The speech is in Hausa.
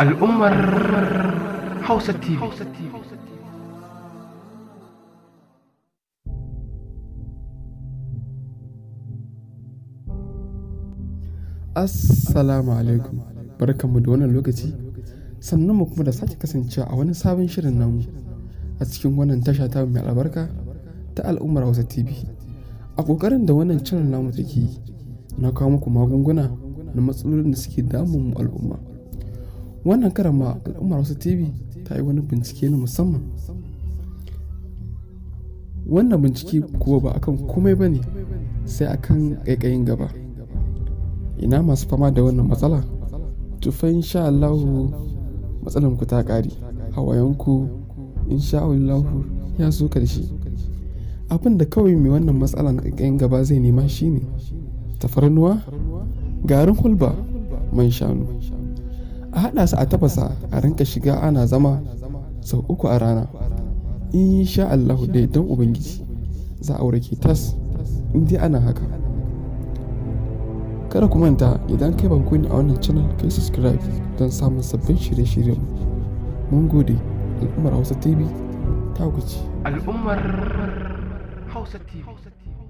al'ummar hausa tv assalamu alaikum barkanmu da wannan lokaci sannan mu kuma da sake kasancewa a wani sabon shirin namu a cikin wannan tasha ta mai albarka ta al'ummar hausa tv a ƙoƙarin da wannan cin namu take yi na kawo muku magunguna da matsalolin da suke damun al'umma wannan karama al'ummar wasu tv ta yi wani bincike na musamman wannan bincike kuwa ba akan komai ba ne sai akan ƙaiƙayin gaba ina masu fama da wannan matsala tufa insha Allahu matsalan ku ta ƙare hawayenku insha Allahu ya zo karshe abin da kawai mai wannan matsala na gaba zai nema shine tafarnuwa garin hulba man shanu a haɗa su a tafasa a rinka shiga ana zama sau uku a rana sha Allahu dai don ubangiji za a warke tas dai ana haka kada ku manta idan kai banku ne a wannan channel kai subscribe don samun sabbin shirye shirye mun gode al'ummar hausa tv ta guci al'ummar hausa tv